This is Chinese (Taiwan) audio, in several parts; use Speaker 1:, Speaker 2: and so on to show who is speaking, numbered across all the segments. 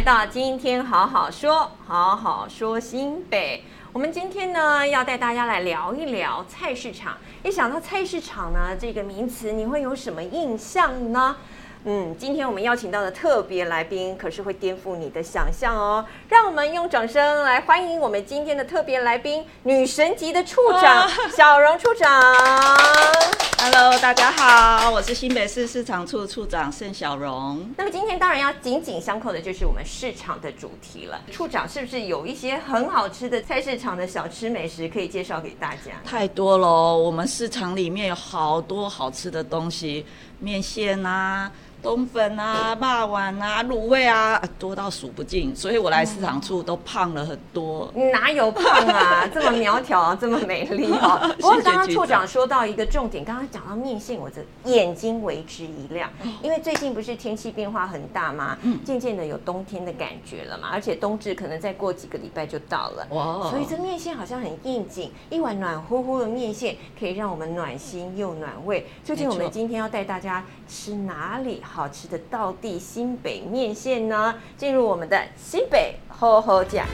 Speaker 1: 來到今天好好說，好好說新北。我們今天呢，要帶大家來聊一聊菜市場。一想到菜市場呢，這個名詞，你會有什麼印象呢？嗯，今天我們邀請到的特別來賓可是會顛覆你的想象哦。讓我們用掌聲來歡迎我們今天的特別來賓——女神級的處長筱蓉處
Speaker 2: 長。Hello，大家好，我是新北市
Speaker 1: 市場處處長盛筱蓉。那麼今天當然要緊緊相扣的，就是我們市場的主題了。處長，是不是有一些很好吃的菜市場的小吃美食可以介紹給大家？
Speaker 2: 太多了，我們市場裡面有好多好吃的東西，麵線啊。冬粉啊，霸碗啊，滷味啊，多到數不盡，所以我來市場處都胖了很多。嗯、哪有胖啊， 這麼苗條、啊，這麼美
Speaker 1: 麗哦、啊。 不過剛剛處長說到一個重點，剛剛講到麵線，我的
Speaker 2: 眼睛為之
Speaker 1: 一亮，因為最近不是天氣變化很大嗎？漸漸的有冬天的感覺了嘛、嗯，而且冬至可能再過幾個禮拜就到了，哇、哦、所以這麵線好像很應景，一碗暖乎乎的麵線可以讓我們暖心又暖胃。究竟我們今天要帶大家吃哪裡？好吃的道地新北麵線呢，進入我們的新北厚厚呷。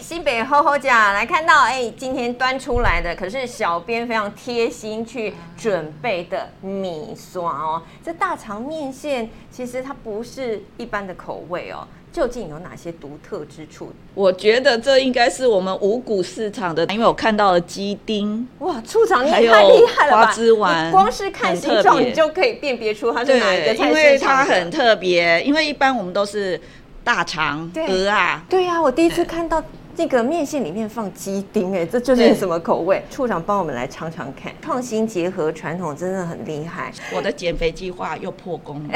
Speaker 1: 新北厚厚呷來看到、欸、今天端出來的可是小編非常貼心去準備的米酸哦、喔。這大腸麵線其實它不是一般的口味哦、喔。究竟有哪些獨特之處？
Speaker 2: 我覺得這應該是我們五股市場的，因為我看到了雞丁，哇，
Speaker 1: 處長你也太厲害了吧！花枝
Speaker 2: 丸，你光是看形狀你就
Speaker 1: 可以辨別出它是哪一個，因為它很
Speaker 2: 特別。因為一般我們都是大腸鵝啊，
Speaker 1: 對啊，我第一次看到。這個麵線裡面放雞丁、欸，哎，這就是什麼口味？處長幫我們來嚐嚐看，創新結合傳統真的很厲害。我的減肥計劃又破功了。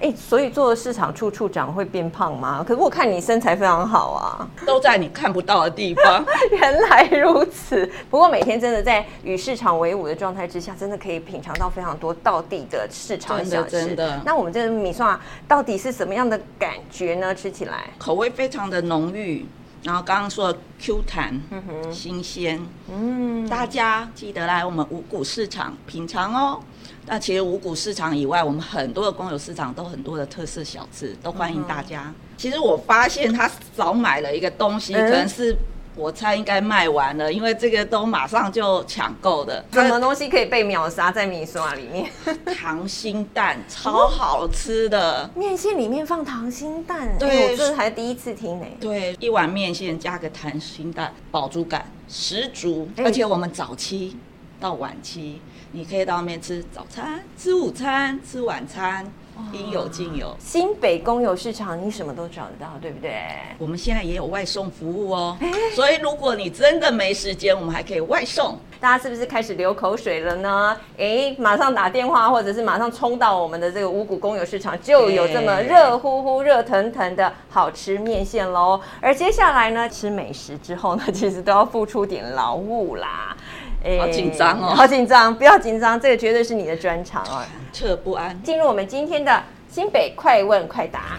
Speaker 1: 哎，所以做市場處處長會變胖嗎？可是我看你身材非常好啊，都在你看不到的地方。原來如此，不過每天真的在與市場為伍的狀態之下，真的可以品嚐到非常多道地的市場小吃。真的，真的。那我們這個米蒜、啊、到底是什麼樣的感覺呢？吃起來
Speaker 2: 口味非常的濃郁。然後剛剛說的 Q 彈、嗯哼，新鮮，嗯，大家記得來我們五股市場品嘗哦。那其實五股市場以外，我們很多的公有市場都很多的特色小吃，都歡迎大家。嗯、其實我發現他少買了一個東西，嗯、可能是。我猜應該賣完了，因為這個都馬上就搶購的。什麼東西可以被秒殺在米刷裡面？ 糖心蛋，超好吃的麵
Speaker 1: 線裡面放糖心蛋，對、欸、我這才第一次聽呢。
Speaker 2: 對，一碗面線加個糖心蛋，飽足感十足、欸，而且我們早期。到晚期，你可以到外面吃早餐、吃午餐、吃晚餐，應有盡有、哦。新北公有市場，你什麼都找得到，對不對？我們現在也有外送服務哦，欸、所以如果你真的沒時間，我們還可以外送。
Speaker 1: 大家是不是開始流口水了呢？誒、欸，馬上打電話，或者是馬上衝到我們的這個五股公有市場，就有這麼熱乎乎、熱騰騰的好吃麵線嘍、欸。而接下來呢，吃美食之後呢，其實都要付出點勞務啦。欸、好緊張哦！好緊張，不要緊張，這個絕對是你的專長哦。撤不安。進入我們今天的新北快問快答。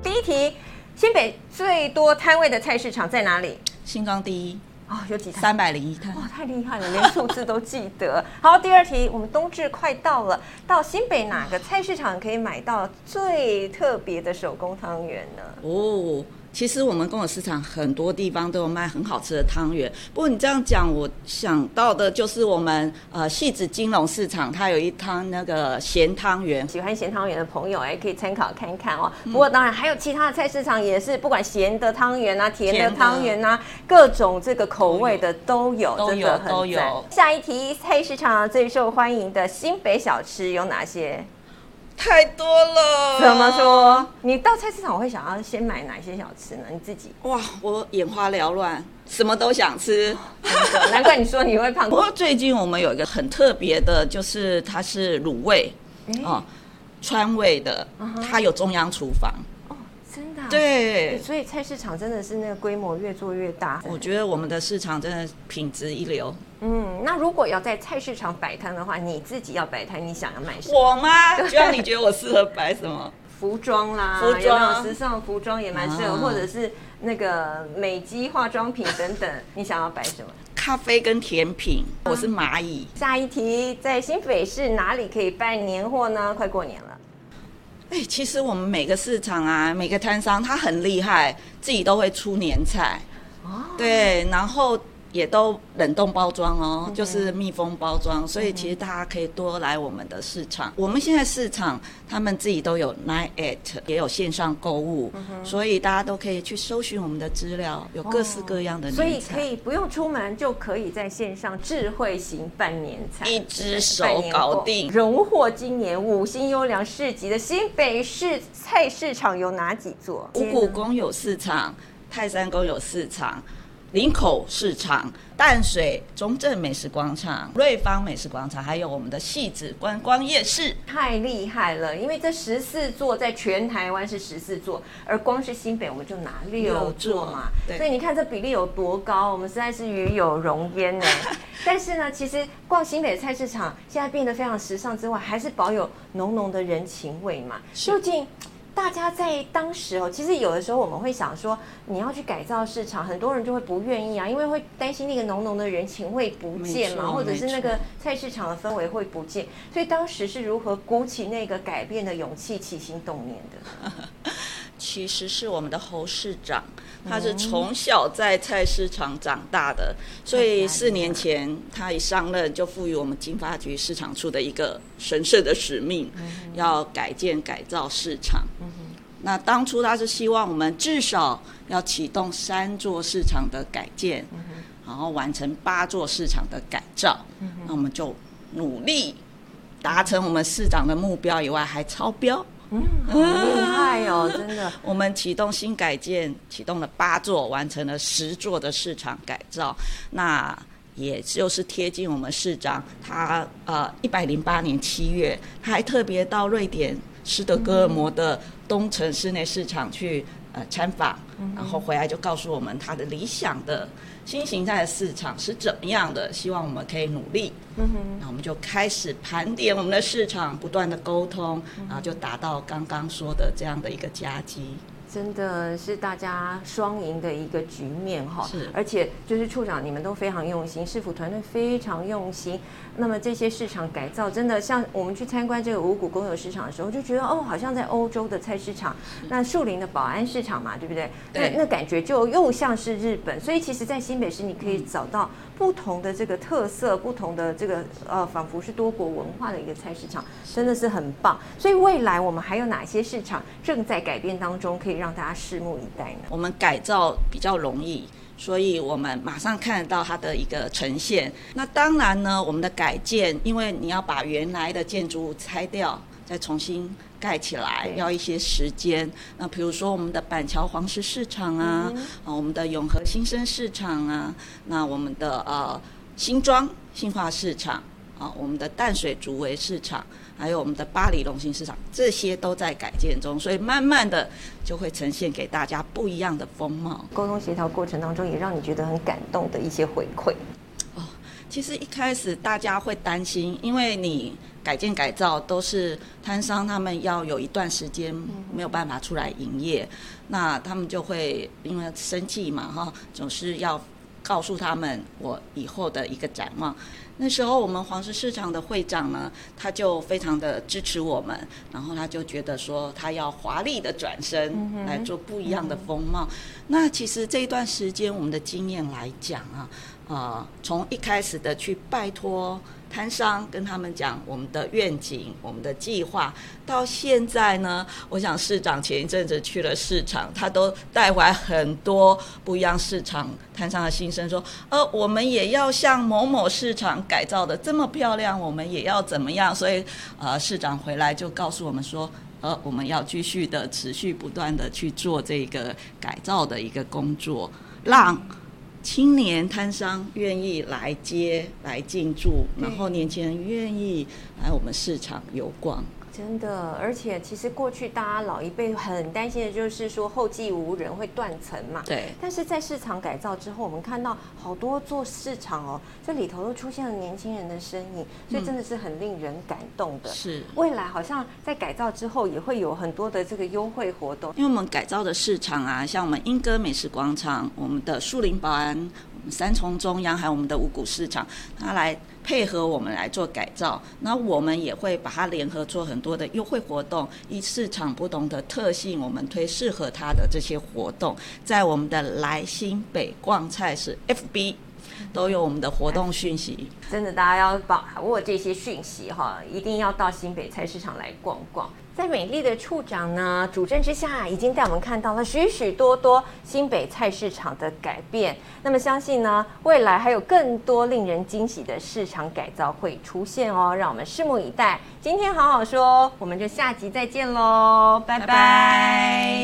Speaker 1: 第一題，新北最多攤位的菜市場在哪裡？新光第一。哦，有幾攤？三百零一攤。哇，太厲害了，連數字都記得。 好，第二題，我們冬至快到了，到新北哪個菜市場可以買到最特別的手工湯圓呢？哦。
Speaker 2: 其實我們公有市場很多地方都有賣很好吃的湯圓，不過你這樣講，我想到的就是我們呃，汐止金融市場它有一湯那個鹹湯圓，喜歡鹹湯圓的朋友哎、欸，可以參考看一看哦、嗯。不過當然還有其他的菜市場也是，不管
Speaker 1: 鹹的湯圓啊、甜的湯圓啊，各種這個口味的都有，都有，真的很都,有都有。下一題，菜市場最受歡迎的新北小吃有哪些？
Speaker 2: 太多了。怎麼說？
Speaker 1: 你到菜市場，會想要先買哪些小吃呢？
Speaker 2: 你自己哇，我眼花繚亂，什麼都想吃、哦難，難怪你說你會胖。 不過最近我們有一個很特別的，就是它是滷味、欸、哦，川味的，它有中央廚房。嗯
Speaker 1: 對、啊，所以菜市場真的是那個規模越做越大。我
Speaker 2: 覺得我們的市場真的品質
Speaker 1: 一流。嗯，那如果要在菜市場擺攤的話，你自己要擺攤，你想要賣什麼？我嗎？就讓你覺
Speaker 2: 得我適合擺什麼？
Speaker 1: 服裝啦，服裝、嗯、有有時尚服裝也蠻適合，啊、或者是那個美肌化妝品等等。你想要擺什麼？
Speaker 2: 咖啡跟甜品、啊。我是螞蟻。
Speaker 1: 下一題，在新北市哪裡可以辦年貨呢？快過年了。
Speaker 2: 哎、欸，其實我們每個市場啊，每個攤商他很厲害，自己都會出年菜，對，然後。也都冷凍包裝哦，okay. 就是密封包裝，所以其實大家可以多來我們的市場。嗯、我們現在市場他們自己都有 LINE@，也有線上購物、嗯，所以大家都可以去搜尋我們的資料，有各式各樣的年菜。所以可以
Speaker 1: 不用出門，就可以在線上智慧型辦年菜，一隻手搞定。
Speaker 2: 榮獲今年五星優
Speaker 1: 良市集的新北市菜市場有哪幾座？五股
Speaker 2: 公有市場、泰山公有市場。林口市場、淡水、中正美食廣場、瑞芳美食廣場，還有我們的汐止觀光夜市，
Speaker 1: 太厲害了！因為這十四座在全台灣是十四座，而光是新北我們就拿六座嘛，所以你看這比例有多高，我們實在是與有榮焉呢。 但是呢，其實逛新北菜市場現在變得非常時尚之外，還是保有濃濃的人情味嘛。究竟？大家在當時哦，其實有的時候我們會想說，你要去改造市場，很多人就會不願意啊，因為會擔心那個濃濃的人情會不見嘛，或者是那個菜市場的氛圍會不見。所以當時是如何鼓起那個改變的勇氣，起心動念的？
Speaker 2: 其實是我們的侯市長，他是從小在菜市場長大的，嗯、所以四年前他一上任就賦予我們經發局市場處的一個神聖的使命，嗯、要改建改造市場、嗯。那當初他是希望我們至少要啟動三座市場的改建，嗯、然後完成八座市場的改造。嗯、那我們就努力達成我們市長的目標以外，還超標。嗯，很厲 害哦，真的。 我們啟動新改建，啟動了八座，完成了十座的市場改造。那也就是貼近我們市長，他呃，一百零八年七月，他還特別到瑞典斯德哥爾摩的東城室內市場去。 呃，參訪、嗯，然後回來就告訴我們他的理想的新形態的市場是怎麼樣的，希望我們可以努力。嗯哼，那我們就開始盤點我們的市場，不斷的溝通，然後就達到剛剛說的這樣的一個佳績。真的
Speaker 1: 是大家雙贏的一個局面哈、哦，而且就是處長，你們都非常用心，市府團隊非常用心。那麼這些市場改造，真的像我們去參觀這個五股公有市場的時候，就覺得哦，好像在歐洲的菜市場，那樹林的保安市場嘛，對不對？對，那那感覺就又像是日本。所以其實，在新北市你可以找到。不同的這個特色，不同的這個呃，仿佛是多國文化的一個菜市場，真的是很棒。所以未來我們還有哪些市場正在改變當中，可以讓大家拭目以待呢？
Speaker 2: 我們改造比較容易，所以我們馬上看得到它的一個呈現。那當然呢，我們的改建，因為你要把原來的建築物拆掉，再重新。蓋起來要一些時間。那比如說我們的板橋黃石市場啊，嗯嗯啊，我們的永和新生市場啊，那我們的呃、新莊新化市場啊，我們的淡水竹圍市場，還有我們的八里龍興市場，這些都在改建中，所以慢慢的就會呈現給大家不一樣的風貌。
Speaker 1: 溝通協調過程當中，也讓你覺得很感動的一些回饋。
Speaker 2: 哦，其實一開始大家會擔心，因為你。改建改造都是攤商，他們要有一段時間沒有辦法出來營業，嗯，那他們就會因為生氣嘛，哈，總是要告訴他們我以後的一個展望。那時候我們黃石市場的會長呢，他就非常的支持我們，然後他就覺得說他要華麗的轉身來做不一樣的風貌。嗯、那其實這一段時間我們的經驗來講啊，啊、呃，從一開始的去拜託、嗯。攤商跟他們講我們的願景、我們的計劃，到現在呢，我想市長前一陣子去了市場，他都帶回來很多不一樣市場攤商的心聲，說：呃，我們也要像某某市場改造的這麼漂亮，我們也要怎麼樣？所以，呃，市長回來就告訴我們說：呃，我們要繼續的持續不斷的去做這個改造的一個工作，讓。青年攤商願意來接來進駐，然後年輕人願意來我們市場遊逛。
Speaker 1: 真的，而且其實過去大家老一輩很擔心的就是說後繼無人會斷層嘛。對。但是在市場改造之後，我們看到好多做市場哦，這裡頭都出現了年輕人的身影，所以真的是很令人感動的。嗯，是。未來好像在改造之後也會有很多的這個優惠活動，因
Speaker 2: 為我們改造的市場啊，像我們鶯歌美食廣場，我們的樹林保安。三重中央還有我們的五股市場，它來配合我們來做改造。那我們也會把它聯合做很多的優惠活動，以市場不同的特性，我們推適合它的這些活動，在我們的來新北逛菜市 FB。都有我們的活動訊息，嗯，
Speaker 1: 真的，大家要把握這些訊息哈，一定要到新北菜市場來逛逛。在美麗的處長呢主政之下，已經帶我們看到了許許多多多新北菜市場的改變。那麼相信呢，未來還有更多令人驚喜的市場改造會出現哦，讓我們拭目以待。今天好好說，我們就下集再見嘍，拜拜。拜拜。